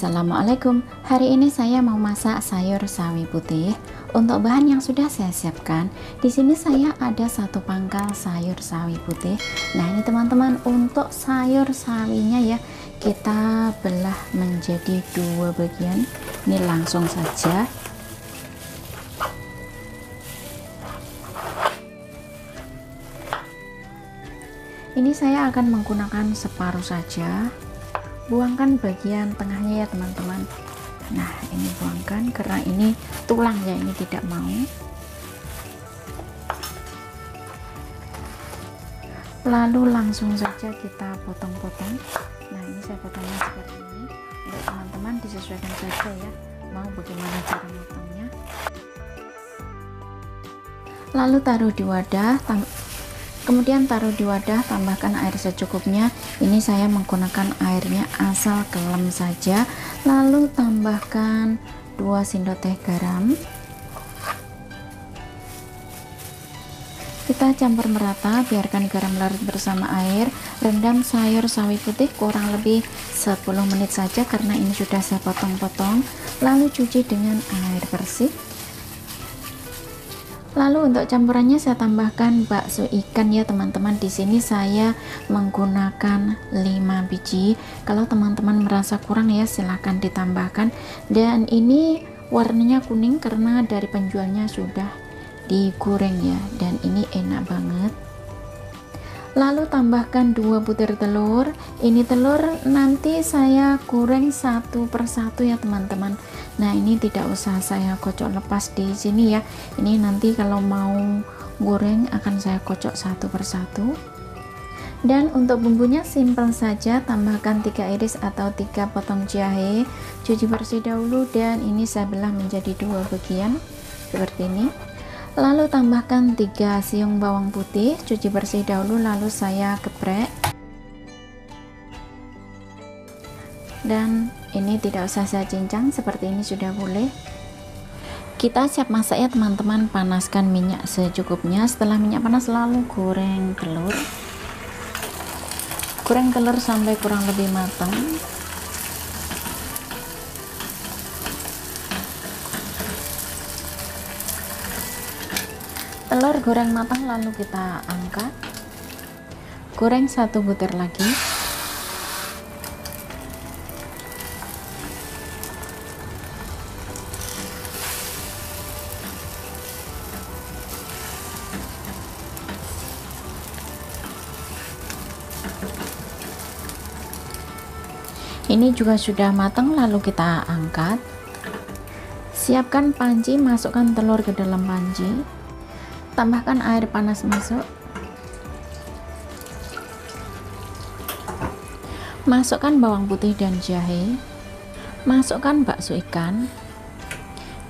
Assalamualaikum, hari ini saya mau masak sayur sawi putih. Untuk bahan yang sudah saya siapkan, di sini saya ada satu pangkal sayur sawi putih. Nah ini teman-teman untuk sayur sawinya ya, kita belah menjadi dua bagian. Ini langsung saja. Ini saya akan menggunakan separuh saja buangkan bagian tengahnya ya teman-teman nah ini buangkan karena ini tulangnya ini tidak mau lalu langsung saja kita potong-potong nah ini saya potongnya seperti ini untuk teman-teman disesuaikan saja ya mau bagaimana cara potongnya lalu taruh di wadah kemudian taruh di wadah tambahkan air secukupnya ini saya menggunakan airnya asal kelem saja lalu tambahkan 2 sendok teh garam kita campur merata biarkan garam larut bersama air rendam sayur sawi putih kurang lebih 10 menit saja karena ini sudah saya potong-potong lalu cuci dengan air bersih Lalu untuk campurannya saya tambahkan bakso ikan ya teman-teman. Di sini saya menggunakan 5 biji. Kalau teman-teman merasa kurang ya silahkan ditambahkan. Dan ini warnanya kuning karena dari penjualnya sudah digoreng ya. Dan ini enak banget lalu tambahkan 2 butir telur ini telur nanti saya goreng satu persatu ya teman-teman nah ini tidak usah saya kocok lepas di sini ya ini nanti kalau mau goreng akan saya kocok satu persatu dan untuk bumbunya simpel saja tambahkan 3 iris atau 3 potong jahe cuci bersih dahulu dan ini saya belah menjadi dua bagian seperti ini lalu tambahkan 3 siung bawang putih cuci bersih dahulu lalu saya geprek dan ini tidak usah saya cincang seperti ini sudah boleh kita siap masak ya teman-teman panaskan minyak secukupnya setelah minyak panas lalu goreng telur goreng telur sampai kurang lebih matang goreng matang lalu kita angkat goreng satu butir lagi ini juga sudah matang lalu kita angkat siapkan panci masukkan telur ke dalam panci tambahkan air panas masuk masukkan bawang putih dan jahe masukkan bakso ikan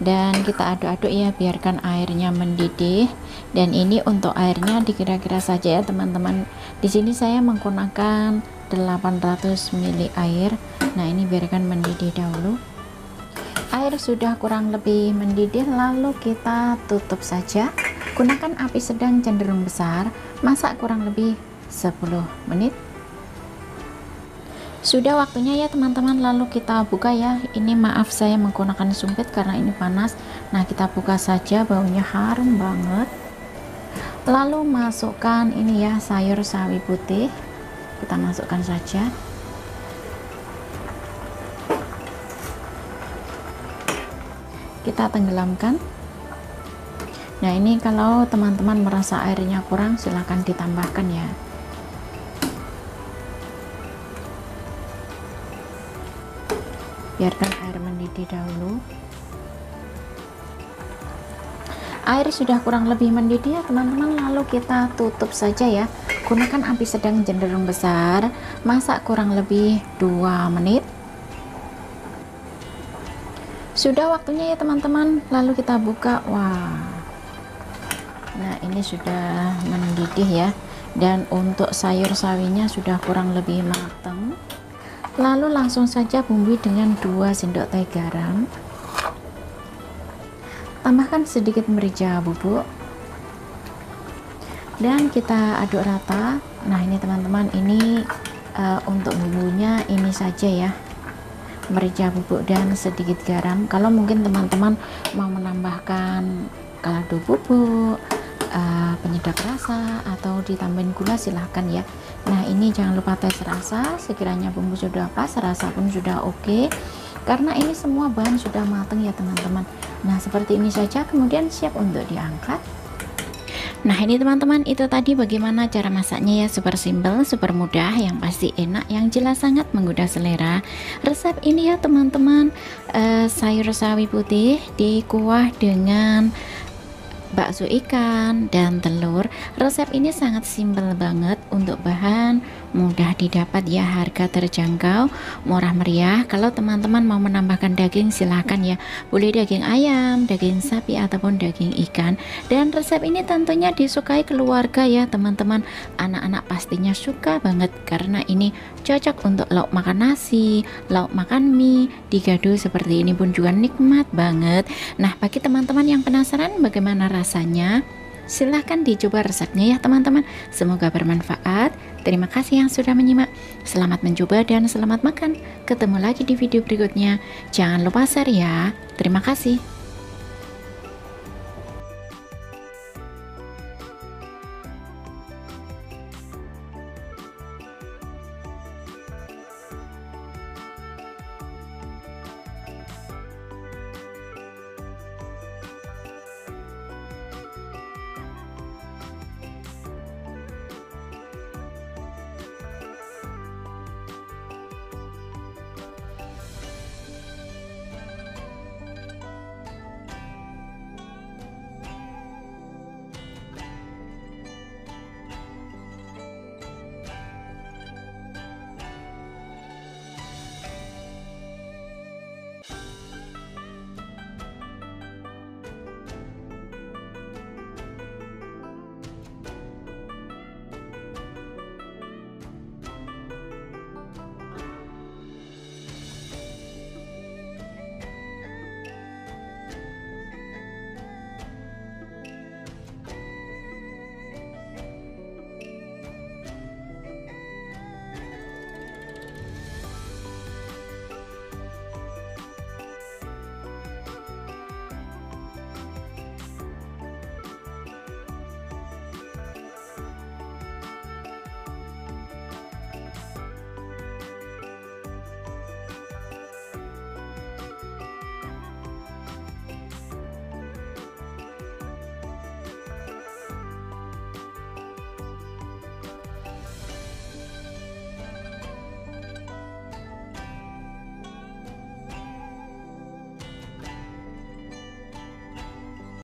dan kita aduk-aduk ya biarkan airnya mendidih dan ini untuk airnya dikira-kira saja ya teman-teman di sini saya menggunakan 800 ml air nah ini biarkan mendidih dahulu air sudah kurang lebih mendidih lalu kita tutup saja Gunakan api sedang cenderung besar, masak kurang lebih 10 menit. Sudah waktunya ya teman-teman, lalu kita buka ya. Ini maaf saya menggunakan sumpit karena ini panas. Nah, kita buka saja, baunya harum banget. Lalu masukkan ini ya sayur sawi putih. Kita masukkan saja. Kita tenggelamkan. Nah, ini kalau teman-teman merasa airnya kurang, silahkan ditambahkan ya. Biarkan air mendidih dahulu. Air sudah kurang lebih mendidih ya teman-teman, lalu kita tutup saja ya. Gunakan api sedang cenderung besar, masak kurang lebih 2 menit. Sudah waktunya ya teman-teman, lalu kita buka. Wah nah ini sudah mendidih ya dan untuk sayur sawinya sudah kurang lebih matang lalu langsung saja bumbui dengan 2 sendok teh garam tambahkan sedikit merica bubuk dan kita aduk rata nah ini teman-teman ini uh, untuk bumbunya ini saja ya merica bubuk dan sedikit garam kalau mungkin teman-teman mau menambahkan kaldu bubuk uh, eh, penyedap rasa atau ditambahin gula silahkan ya nah ini jangan lupa tes rasa sekiranya bumbu sudah pas rasa pun sudah oke okay, karena ini semua bahan sudah matang ya teman-teman nah seperti ini saja kemudian siap untuk diangkat Nah ini teman-teman itu tadi bagaimana cara masaknya ya super simple, super mudah, yang pasti enak, yang jelas sangat menggoda selera Resep ini ya teman-teman uh, sayur sawi putih dikuah dengan bakso ikan, dan telur. Resep ini sangat simpel banget untuk bahan mudah didapat ya harga terjangkau murah meriah kalau teman-teman mau menambahkan daging silahkan ya boleh daging ayam daging sapi ataupun daging ikan dan resep ini tentunya disukai keluarga ya teman-teman anak-anak pastinya suka banget karena ini cocok untuk lauk makan nasi lauk makan mie digaduh seperti ini pun juga nikmat banget nah bagi teman-teman yang penasaran bagaimana rasanya silahkan dicoba resepnya ya teman-teman semoga bermanfaat Terima kasih yang sudah menyimak. Selamat mencoba dan selamat makan. Ketemu lagi di video berikutnya. Jangan lupa share ya. Terima kasih.